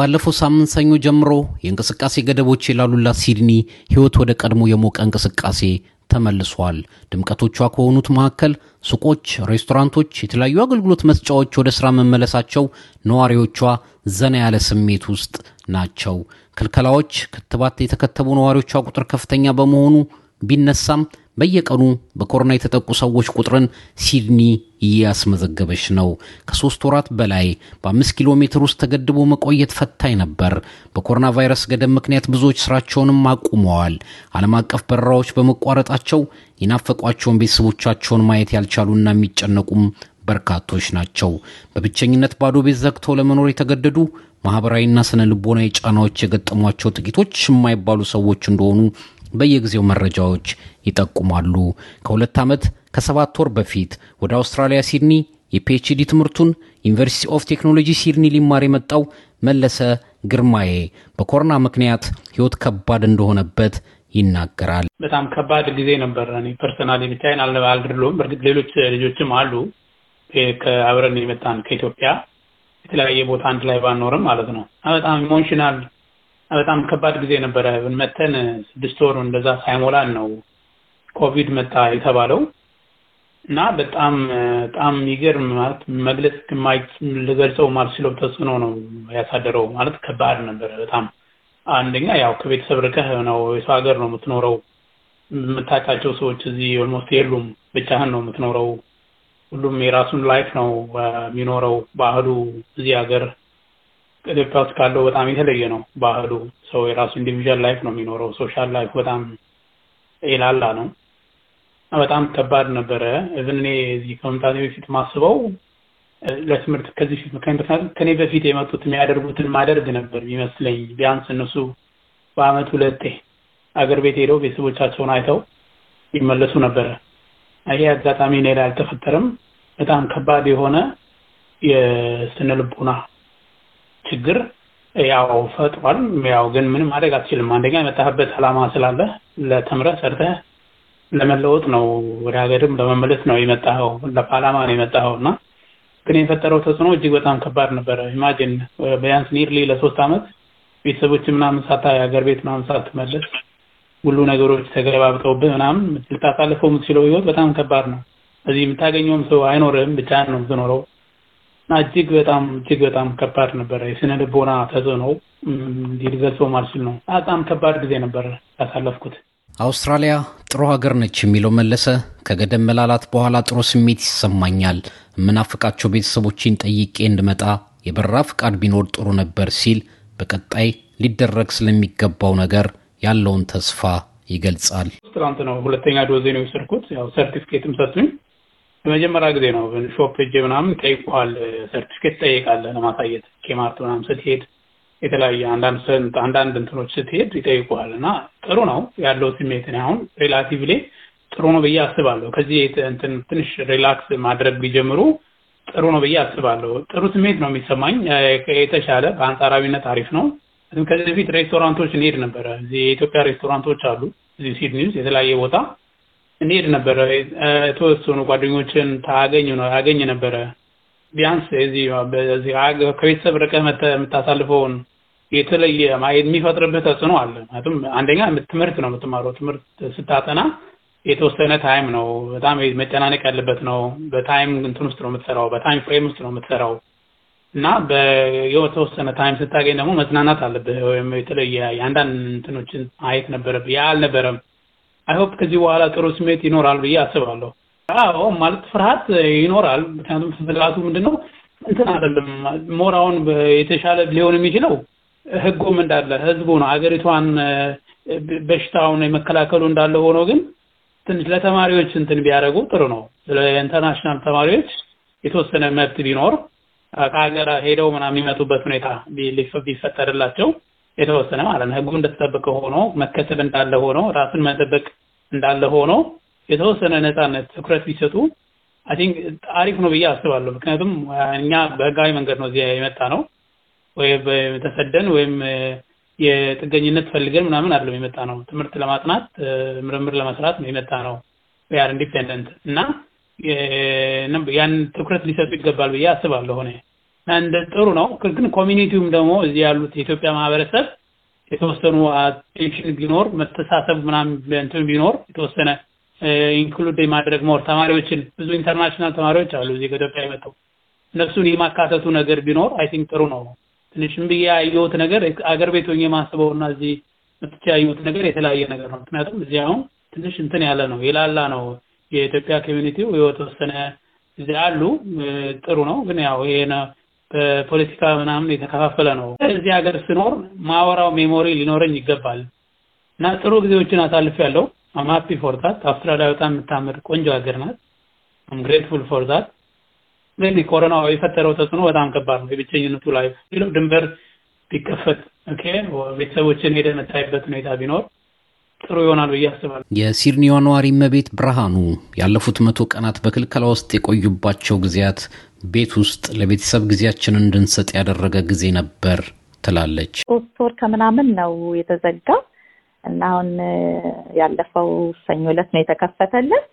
ባለፈው ሳምንት ሰኞ ጀምሮ የእንቅስቃሴ ገደቦች የላሉላት ሲድኒ ሕይወት ወደ ቀድሞ የሞቀ እንቅስቃሴ ተመልሷል። ድምቀቶቿ ከሆኑት መካከል ሱቆች፣ ሬስቶራንቶች፣ የተለያዩ አገልግሎት መስጫዎች ወደ ሥራ መመለሳቸው ነዋሪዎቿ ዘና ያለ ስሜት ውስጥ ናቸው። ክልከላዎች፣ ክትባት የተከተቡ ነዋሪዎቿ ቁጥር ከፍተኛ በመሆኑ ቢነሳም በየቀኑ በኮሮና የተጠቁ ሰዎች ቁጥርን ሲድኒ እያስመዘገበች ነው። ከሶስት ወራት በላይ በአምስት ኪሎ ሜትር ውስጥ ተገድቦ መቆየት ፈታኝ ነበር። በኮሮና ቫይረስ ገደብ ምክንያት ብዙዎች ስራቸውንም አቁመዋል። ዓለም አቀፍ በረራዎች በመቋረጣቸው የናፈቋቸውን ቤተሰቦቻቸውን ማየት ያልቻሉና የሚጨነቁም በርካቶች ናቸው። በብቸኝነት ባዶ ቤት ዘግተው ለመኖር የተገደዱ ማህበራዊና ስነ ልቦናዊ ጫናዎች የገጠሟቸው ጥቂቶች የማይባሉ ሰዎች እንደሆኑ በየጊዜው መረጃዎች ይጠቁማሉ። ከሁለት ዓመት ከሰባት ወር በፊት ወደ አውስትራሊያ ሲድኒ የፒኤችዲ ትምህርቱን ዩኒቨርሲቲ ኦፍ ቴክኖሎጂ ሲድኒ ሊማር የመጣው መለሰ ግርማዬ በኮሮና ምክንያት ሕይወት ከባድ እንደሆነበት ይናገራል። በጣም ከባድ ጊዜ ነበር። እኔ ፐርሰናል ብቻዬን አልድሎም። በእርግጥ ሌሎች ልጆችም አሉ ከአብረን የመጣን ከኢትዮጵያ የተለያየ ቦታ አንድ ላይ ባኖርም ማለት ነው። በጣም ኢሞሽናል በጣም ከባድ ጊዜ ነበረ። መተን ስድስት ወር እንደዛ ሳይሞላን ነው ኮቪድ መጣ የተባለው እና በጣም በጣም የሚገርም ማለት መግለጽ ልገልጸው ማልችለው ተጽዕኖ ነው ያሳደረው። ማለት ከባድ ነበረ በጣም አንደኛ ያው ከቤተሰብ ርቀህ ነው የሰው ሀገር ነው የምትኖረው። የምታውቃቸው ሰዎች እዚህ ኦልሞስት የሉም። ብቻህን ነው የምትኖረው። ሁሉም የራሱን ላይፍ ነው የሚኖረው። ባህሉ እዚህ ሀገር ኢትዮጵያ ውስጥ ካለው በጣም የተለየ ነው ባህሉ። ሰው የራሱ ኢንዲቪዥዋል ላይፍ ነው የሚኖረው። ሶሻል ላይፍ በጣም የላላ ነው። በጣም ከባድ ነበረ። እብን እኔ እዚህ ከመምጣቴ በፊት ማስበው ለትምህርት ከዚህ ፊት ምክንያቱም ከኔ በፊት የመጡት የሚያደርጉትን ማደርግ ነበር ይመስለኝ። ቢያንስ እነሱ በአመት ሁለቴ አገር ቤት ሄደው ቤተሰቦቻቸውን አይተው ይመለሱ ነበረ። ይሄ አጋጣሚ እኔ ላይ አልተፈጠረም። በጣም ከባድ የሆነ የስነ ልቡና ችግር ያው ፈጥሯል። ያው ግን ምንም ማድረግ አትችልም። አንደኛ የመጣህበት አላማ ስላለ ለተምረህ ሰርተህ ለመለወጥ ነው፣ ወደ ሀገርም ለመመለስ ነው የመጣኸው፣ ለፓርላማ ነው የመጣኸው እና ግን የፈጠረው ተጽዕኖ እጅግ በጣም ከባድ ነበረ። ኢማጂን ቢያንስ ኒርሊ ለሶስት አመት ቤተሰቦች ምናምን ሳታ የሀገር ቤት ምናምን ሳትመለስ ሁሉ ነገሮች ተገባብጠውብህ ምናምን ልታሳልፈው የምትችለው ህይወት በጣም ከባድ ነው። እዚህ የምታገኘውም ሰው አይኖርህም፣ ብቻህን ነው የምትኖረው። እጅግ በጣም እጅግ በጣም ከባድ ነበረ። የስነ ልቦና ተጽዕኖ እንዲህ ማልችል ነው። በጣም ከባድ ጊዜ ነበረ ያሳለፍኩት። አውስትራሊያ ጥሩ ሀገር ነች የሚለው መለሰ፣ ከገደም መላላት በኋላ ጥሩ ስሜት ይሰማኛል። የምናፍቃቸው ቤተሰቦችን ጠይቄ እንድመጣ የበራ ፍቃድ ቢኖር ጥሩ ነበር ሲል በቀጣይ ሊደረግ ስለሚገባው ነገር ያለውን ተስፋ ይገልጻል። ትናንት ነው ሁለተኛ ዶዜ ነው የወሰድኩት። ያው ሰርቲፊኬትም ሰጡኝ በመጀመሪያ ጊዜ ነው ግን ሾፕ ሄጄ ምናምን ጠይቋል ሰርቲፊኬት ጠይቃለ ለማሳየት ኬማርት ምናምን ስትሄድ የተለያየ አንዳንድ አንዳንድ እንትኖች ስትሄድ ይጠይቁሃል እና ጥሩ ነው ያለው ስሜት አሁን አሁን ሪላቲቭሊ ጥሩ ነው ብዬ አስባለሁ። ከዚህ እንትን ትንሽ ሪላክስ ማድረግ ቢጀምሩ ጥሩ ነው ብዬ አስባለሁ። ጥሩ ስሜት ነው የሚሰማኝ። የተሻለ በአንጻራዊነት አሪፍ ነው። ከዚህ በፊት ሬስቶራንቶች እንሄድ ነበረ። እዚህ የኢትዮጵያ ሬስቶራንቶች አሉ እዚህ ሲድኒ ውስጥ የተለያየ ቦታ እንሄድ ነበረ። የተወሰኑ ጓደኞችን ታገኝ ነው አገኝ ነበረ። ቢያንስ እዚህ በዚህ ከቤተሰብ ርቀህ የምታሳልፈውን የተለየ የሚፈጥርበት ተጽዕኖ አለ። ምክንያቱም አንደኛ ትምህርት ነው የምትማረው። ትምህርት ስታጠና የተወሰነ ታይም ነው፣ በጣም መጨናነቅ ያለበት ነው። በታይም እንትን ውስጥ ነው የምትሰራው፣ በታይም ፍሬም ውስጥ ነው የምትሰራው እና የተወሰነ ታይም ስታገኝ ደግሞ መዝናናት አለብህ። ወይም የተለየ የአንዳንድ እንትኖችን ማየት ነበረብህ። ያ አልነበረም። አይሆፕ ከዚህ በኋላ ጥሩ ስሜት ይኖራል ብዬ አስባለሁ። አዎ ማለት ፍርሃት ይኖራል። ምክንያቱም ፍርሃቱ ምንድነው እንትን አይደለም ሞራውን የተሻለ ሊሆን የሚችለው ህጉም እንዳለ ህዝቡ ነው ሀገሪቷን በሽታውን የመከላከሉ እንዳለ ሆኖ ግን ትንሽ ለተማሪዎች እንትን ቢያደርጉ ጥሩ ነው። ለኢንተርናሽናል ተማሪዎች የተወሰነ መብት ቢኖር ከሀገር ሄደው ምናምን የሚመጡበት ሁኔታ ቢፈጠርላቸው የተወሰነ ማለት ነው። ህጉ እንደተጠበቀ ሆኖ መከተብ እንዳለ ሆኖ ራስን መጠበቅ እንዳለ ሆኖ የተወሰነ ነፃነት ትኩረት ቢሰጡ አይ ቲንክ አሪፍ ነው ብዬ አስባለሁ። ምክንያቱም እኛ በህጋዊ መንገድ ነው እዚያ የመጣ ነው ወይ ተሰደን ወይም የጥገኝነት ፈልገን ምናምን አይደለም የመጣ ነው። ትምህርት ለማጥናት ምርምር ለመስራት ነው የመጣ ነው። ያር ኢንዲፔንደንት እና ያንን ትኩረት ሊሰጡ ይገባል ብዬ አስባለሁ እኔ። እንደ ጥሩ ነው። ግን ኮሚኒቲውም ደግሞ እዚህ ያሉት የኢትዮጵያ ማህበረሰብ የተወሰኑ አቴንሽን ቢኖር መተሳሰብ ምናምን እንትን ቢኖር የተወሰነ ኢንክሉድ የማድረግ ሞር ተማሪዎችን ብዙ ኢንተርናሽናል ተማሪዎች አሉ እዚህ ከኢትዮጵያ የመጡ እነሱን የማካተቱ ነገር ቢኖር አይ ቲንክ ጥሩ ነው። ትንሽም ብዬ ያየሁት ነገር አገር ቤት ሆኜ የማስበውና እዚህ መጥቼ ነገር የተለያየ ነገር ነው። ምክንያቱም እዚህ አሁን ትንሽ እንትን ያለ ነው የላላ ነው የኢትዮጵያ ኮሚኒቲው የተወሰነ እዚህ አሉ ጥሩ ነው። ግን ያው ይሄ በፖለቲካ ምናምን የተከፋፈለ ነው። እዚህ ሀገር ስኖር ማወራው ሜሞሪ ሊኖረኝ ይገባል እና ጥሩ ጊዜዎችን አሳልፍ ያለው አማፒ ፎርዛት አውስትራሊያ በጣም የምታምር ቆንጆ ሀገር ናት። ግሬትፉል ፎርዛት ግን ኮሮናው የፈጠረው ተጽዕኖ በጣም ከባድ ነው። የብቸኝነቱ ላይ ሌላው ድንበር ቢከፈት ቤተሰቦችን ሄደ የምታይበት ሁኔታ ቢኖር ጥሩ ይሆናል ብዬ አስባለሁ። የሲድኒዋ ነዋሪ መቤት ብርሃኑ ያለፉት መቶ ቀናት በክልከላ ውስጥ የቆዩባቸው ጊዜያት ቤት ውስጥ ለቤተሰብ ጊዜያችንን እንድንሰጥ ያደረገ ጊዜ ነበር ትላለች። ሶስት ወር ከምናምን ነው የተዘጋው እና አሁን ያለፈው ሰኞ ዕለት ነው የተከፈተልን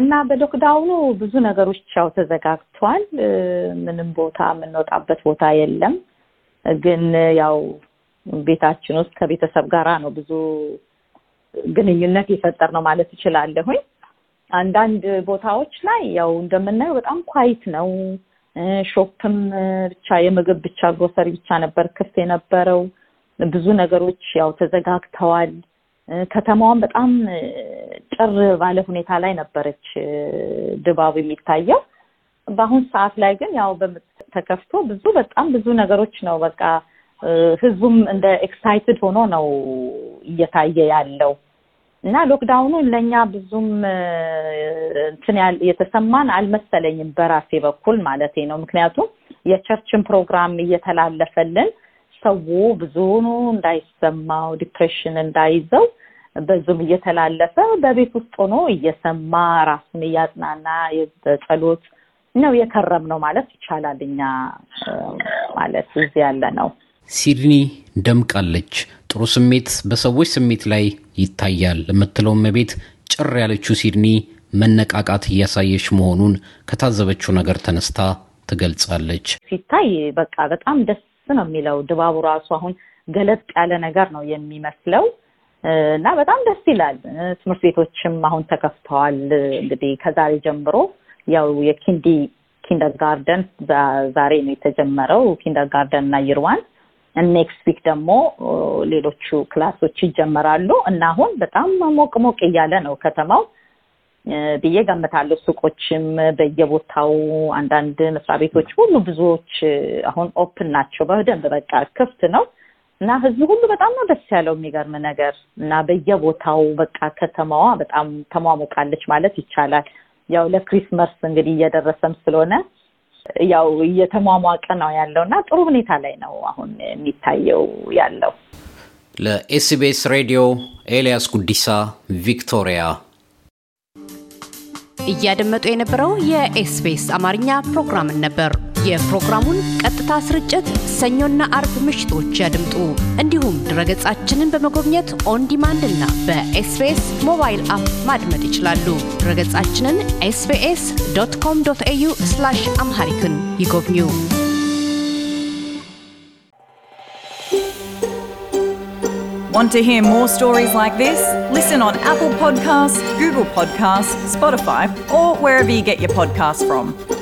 እና በሎክዳውኑ ብዙ ነገሮች ያው ተዘጋግቷል። ምንም ቦታ የምንወጣበት ቦታ የለም። ግን ያው ቤታችን ውስጥ ከቤተሰብ ጋራ ነው ብዙ ግንኙነት የፈጠር ነው ማለት ይችላለሁኝ። አንዳንድ ቦታዎች ላይ ያው እንደምናየው በጣም ኳይት ነው። ሾፕም ብቻ የምግብ ብቻ ግሮሰሪ ብቻ ነበር ክፍት የነበረው። ብዙ ነገሮች ያው ተዘጋግተዋል። ከተማዋን በጣም ጭር ባለ ሁኔታ ላይ ነበረች ድባቡ የሚታየው። በአሁን ሰዓት ላይ ግን ያው ተከፍቶ ብዙ በጣም ብዙ ነገሮች ነው በቃ ህዝቡም እንደ ኤክሳይትድ ሆኖ ነው እየታየ ያለው እና ሎክዳውኑ ለእኛ ብዙም እንትን የተሰማን አልመሰለኝም በራሴ በኩል ማለት ነው። ምክንያቱም የቸርችን ፕሮግራም እየተላለፈልን ሰው ብዙኑ እንዳይሰማው ዲፕሬሽን እንዳይዘው በዙም እየተላለፈ በቤት ውስጥ ሆኖ እየሰማ ራሱን እያጽናና በጸሎት ነው የከረም ነው ማለት ይቻላል። እኛ ማለት እዚህ ያለ ነው። ሲድኒ ደምቃለች። ጥሩ ስሜት በሰዎች ስሜት ላይ ይታያል የምትለው መቤት ጭር ያለችው ሲድኒ መነቃቃት እያሳየች መሆኑን ከታዘበችው ነገር ተነስታ ትገልጻለች። ሲታይ በቃ በጣም ደስ ነው የሚለው ድባቡ ራሱ አሁን ገለጥ ያለ ነገር ነው የሚመስለው እና በጣም ደስ ይላል። ትምህርት ቤቶችም አሁን ተከፍተዋል። እንግዲህ ከዛሬ ጀምሮ ያው የኪንዲ ኪንደርጋርደን ጋርደን ዛሬ ነው የተጀመረው። ኪንደርጋርደን እና ይርዋን ኔክስት ዊክ ደግሞ ሌሎቹ ክላሶች ይጀመራሉ እና አሁን በጣም ሞቅ ሞቅ እያለ ነው ከተማው ብዬ ገምታለሁ። ሱቆችም በየቦታው አንዳንድ መስሪያ ቤቶች ሁሉ ብዙዎች አሁን ኦፕን ናቸው። በደንብ በቃ ክፍት ነው እና ህዝቡ ሁሉ በጣም ነው ደስ ያለው። የሚገርም ነገር እና በየቦታው በቃ ከተማዋ በጣም ተሟሙቃለች ማለት ይቻላል። ያው ለክሪስመስ እንግዲህ እየደረሰም ስለሆነ ያው እየተሟሟቀ ነው ያለው እና ጥሩ ሁኔታ ላይ ነው አሁን የሚታየው ያለው። ለኤስቤስ ሬዲዮ ኤልያስ ጉዲሳ ቪክቶሪያ። እያደመጡ የነበረው የኤስቢኤስ አማርኛ ፕሮግራምን ነበር። የፕሮግራሙን ቀጥታ ስርጭት ሰኞና አርብ ምሽቶች ያድምጡ። እንዲሁም ድረገጻችንን በመጎብኘት ኦን እና በኤስቤስ ሞባይል አፕ ማድመጥ ይችላሉ። ድረገጻችንን ዶት ኮም ዶት ኤዩ አምሃሪክን ይጎብኙ። Want to hear more stories like this? Listen on Apple Podcasts, Google Podcasts, Spotify, or wherever you get your podcasts from.